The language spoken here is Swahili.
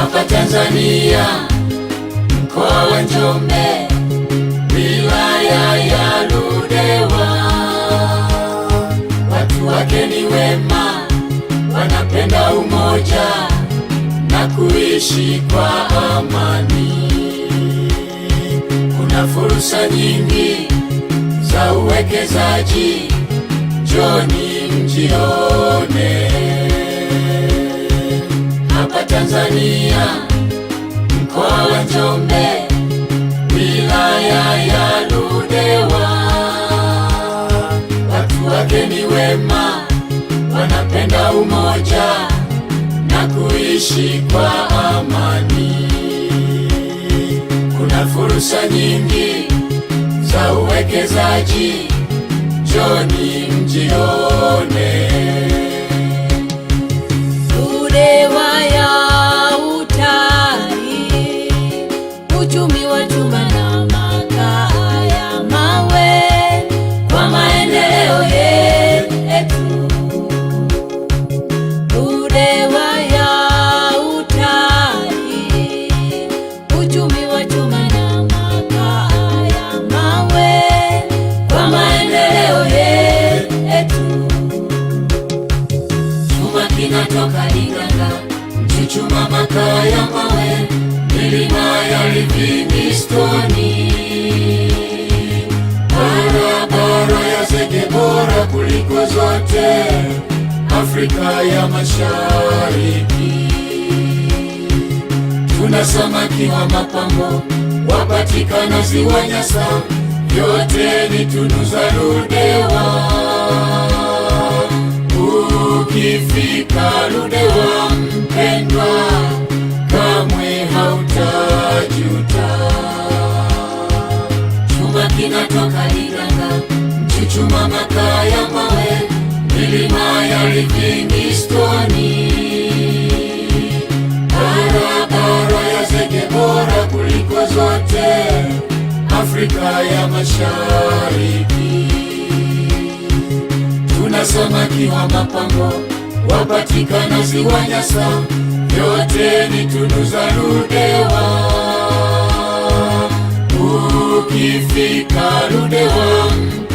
hapa Tanzania, mkoa wa Njombe, wilaya ya Ludewa. Watu wake ni wema, wanapenda umoja na kuishi kwa amani. Kuna fursa nyingi za uwekezaji, njoni mjione. Songea, mkoa wa Njombe, wilaya ya Ludewa, watu wake ni wema, wanapenda umoja na kuishi kwa amani. Kuna fursa nyingi za uwekezaji, njoni mjione. inatoka Liganga, Chuchuma, makaa ya mawe, milima ya Livingstoni, barabara ya zege bora kuliko zote Afrika ya Mashariki. Tuna samaki wa mapambo wapatikana ziwa Nyasa, yote ni tunu za Ludewa. ukarudi wa mpendwa, kamwe hautajuta. Chuma kinatoka liganga, mchuchuma makaa ya mawe, milima ya Livingstoni, barabara ya zege bora kuliko zote Afrika ya Mashariki, tuna samaki wa mapambo unaopatikana ziwa Nyasa, yote ni tunu za Ludewa. Ukifika Ludewa